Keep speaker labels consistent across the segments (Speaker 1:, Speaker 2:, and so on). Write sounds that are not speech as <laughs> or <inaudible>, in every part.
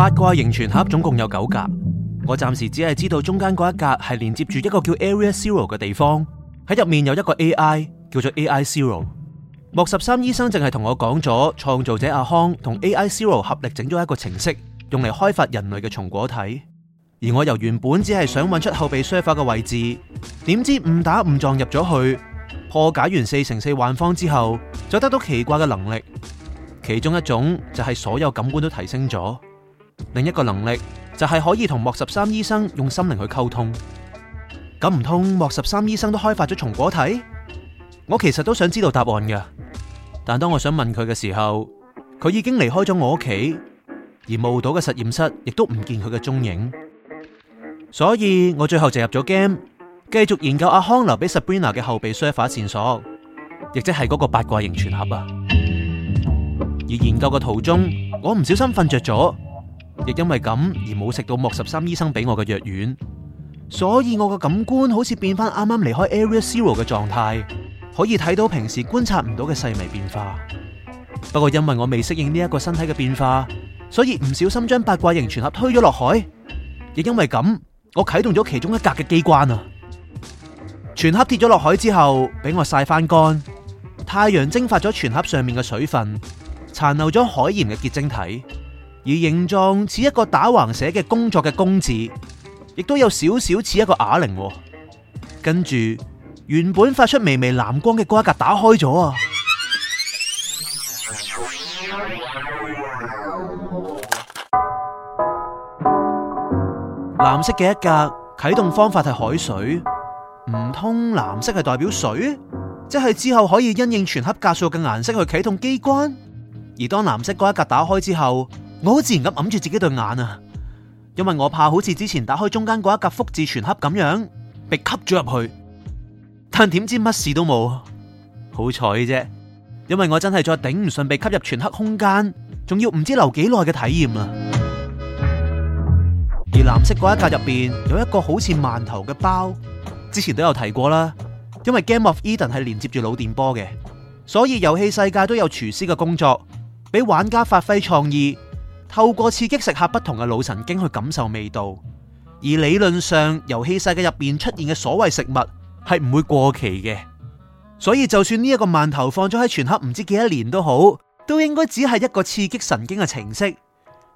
Speaker 1: 八卦型全盒總共有九格，我暫時只係知道中間嗰一格係連接住一個叫 Area Zero 嘅地方，喺入面有一個 AI 叫做 AI Zero。莫十三醫生淨係同我講咗，創造者阿康同 AI Zero 合力整咗一個程式，用嚟開發人類嘅松果體。而我由原本只係想揾出後備 server 嘅位置，點知誤打誤撞入咗去，破解完四乘四幻方之後，就得到奇怪嘅能力，其中一種就係所有感官都提升咗。另一個能力就係、是、可以同莫十三醫生用心靈去溝通。咁唔通莫十三醫生都開發咗松果體？我其實都想知道答案嘅，但當我想問佢嘅時候，佢已經離開咗我屋企，而墓島嘅實驗室亦都唔見佢嘅蹤影。所以我最後就入咗 game，繼續研究阿康留俾 Sabrina 嘅後備 server 線索，亦即係嗰個八卦型全盒啊。而研究嘅途中，我唔小心瞓着咗。亦因為咁而冇食到莫十三醫生俾我嘅藥丸，所以我個感官好似變翻啱啱離開 Area Zero 嘅狀態，可以睇到平時觀察唔到嘅細微變化。不過因為我未適應呢一個身體嘅變化，所以唔小心將八卦型全盒推咗落海。亦因為咁，我啟動咗其中一格嘅機關啊！全盒跌咗落海之後，俾我曬翻乾，太陽蒸發咗全盒上面嘅水分，殘留咗海鹽嘅結晶體。.而形狀似一個打橫寫嘅工作嘅工字，亦都有少少似一個啞鈴。跟住，原本發出微微藍光嘅嗰一格打開咗啊！ <laughs> 藍色嘅一格，啟動方法係海水，唔通藍色係代表水？即係之後可以因應全盒格數嘅顏色去啟動機關。而當藍色嗰一格打開之後，我好自然咁揞住自己對眼啊，因為我怕好似之前打開中間嗰一格福字全盒咁樣被吸咗入去。但點知乜事都冇，好彩啫，因為我真係再頂唔順被吸入全黑空間，仲要唔知留幾耐嘅體驗啊。而藍色嗰一格入邊有一個好似饅頭嘅包，之前都有提過啦。因為 Game of Eden 係連接住腦電波嘅，所以遊戲世界都有廚師嘅工作，俾玩家發揮創意。透過刺激食客不同嘅腦神經去感受味道，而理論上遊戲世界入邊出現嘅所謂食物係唔會過期嘅，所以就算呢一個饅頭放咗喺全盒唔知幾多年都好，都應該只係一個刺激神經嘅程式，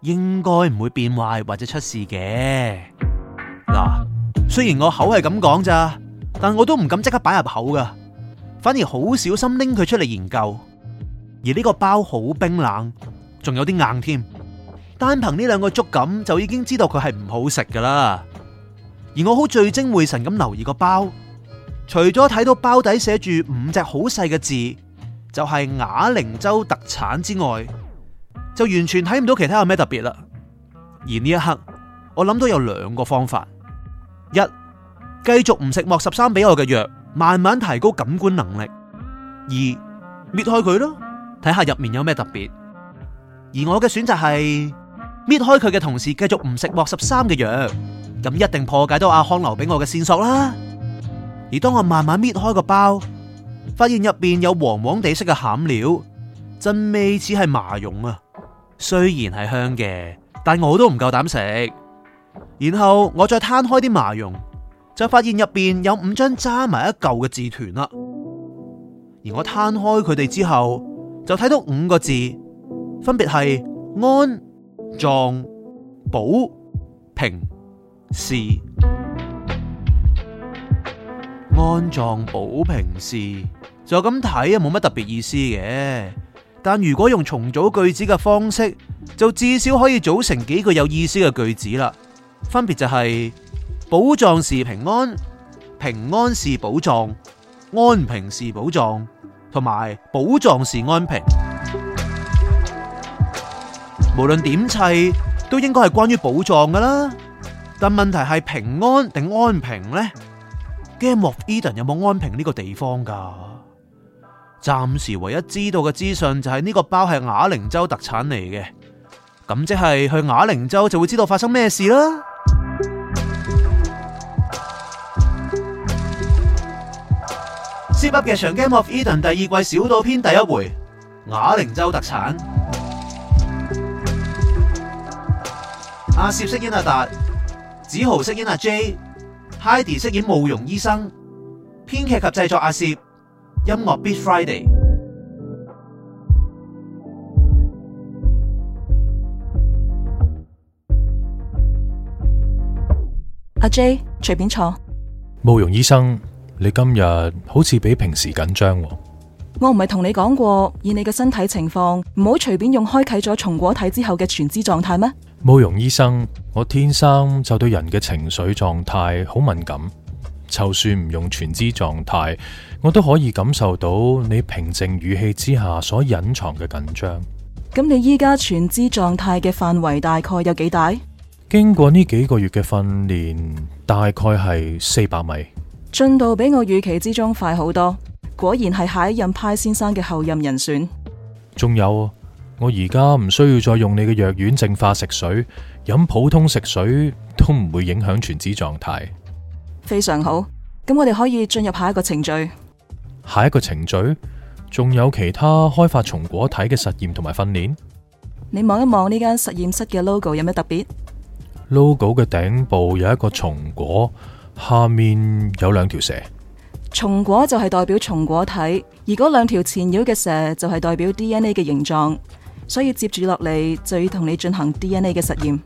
Speaker 1: 應該唔會變壞或者出事嘅。嗱，雖然我口係咁講咋，但我都唔敢即刻擺入口噶，反而好小心拎佢出嚟研究。而呢個包好冰冷，仲有啲硬添。單憑呢兩個觸感就已經知道佢係唔好食噶啦，而我好聚精會神咁留意個包，除咗睇到包底寫住五隻好細嘅字，就係啞鈴洲特產之外，就完全睇唔到其他有咩特別啦。而呢一刻，我諗到有兩個方法：一，繼續唔食莫十三俾我嘅藥，慢慢提高感官能力；二，搣開佢咯，睇下入面有咩特別。而我嘅選擇係。搣開佢嘅同時，繼續唔食莫十三嘅藥，咁一定破解到阿康留俾我嘅線索啦。而當我慢慢搣開個包，發現入邊有黃黃地色嘅餡料，陣味似係麻蓉啊。雖然係香嘅，但我都唔夠膽食。然後我再攤開啲麻蓉，就發現入邊有五張揸埋一嚿嘅字團啦。而我攤開佢哋之後，就睇到五個字，分別係安。藏、寶、平、是，安、藏、寶、平、是，就咁睇啊，冇乜特別意思嘅。但如果用重組句子嘅方式，就至少可以組成幾句有意思嘅句子啦。分別就係寶藏是平安，平安是寶藏，安平是寶藏，同埋寶藏是安平。無論點砌都應該係關於寶藏噶啦，但問題係平安定安平呢？Game of Eden 有冇安平呢個地方噶？暫時唯一知道嘅資訊就係呢個包係啞鈴洲特產嚟嘅，咁即係去啞鈴洲就會知道發生咩事啦。Zip 噏劇場 <music> Game of Eden》第二季小島篇第一回，啞鈴洲特產。阿攝飾演阿達，梓豪飾演阿 J，Hidy 飾演慕容醫生。編劇及製作阿攝，音樂 BEATFRIDAY。
Speaker 2: 阿 J，隨便坐。
Speaker 3: 慕容醫生，你今日好似比平時緊張。我
Speaker 2: 唔係同你講過，以你嘅身體情況，唔好隨便用開啟咗松果體之後嘅全知狀態咩？
Speaker 3: 慕容醫生，我天生就對人嘅情緒狀態好敏感，就算唔用全知狀態，我都可以感受到你平靜語氣之下所隱藏嘅緊張。
Speaker 2: 咁你依家全知狀態嘅範圍大概有幾大？
Speaker 3: 經過呢幾個月嘅訓練，大概係四百米。
Speaker 2: 進度比我預期之中快好多，果然係下一任 π 先生嘅候任人選。
Speaker 3: 仲有。我而家唔需要再用你嘅藥丸淨化食水，飲普通食水都唔會影響全知狀態。
Speaker 2: 非常好，咁我哋可以進入下一個程序。
Speaker 3: 下一個程序？仲有其他開發松果體嘅實驗同埋訓練。
Speaker 2: 你望一望呢間實驗室嘅 logo 有咩特別
Speaker 3: ？logo 嘅頂部有一個松果，下面有兩條蛇。
Speaker 2: 松果就係代表松果體，而嗰兩條纏繞嘅蛇就係代表 DNA 嘅形狀。所以接住落嚟就要同你進行 DNA 嘅實驗。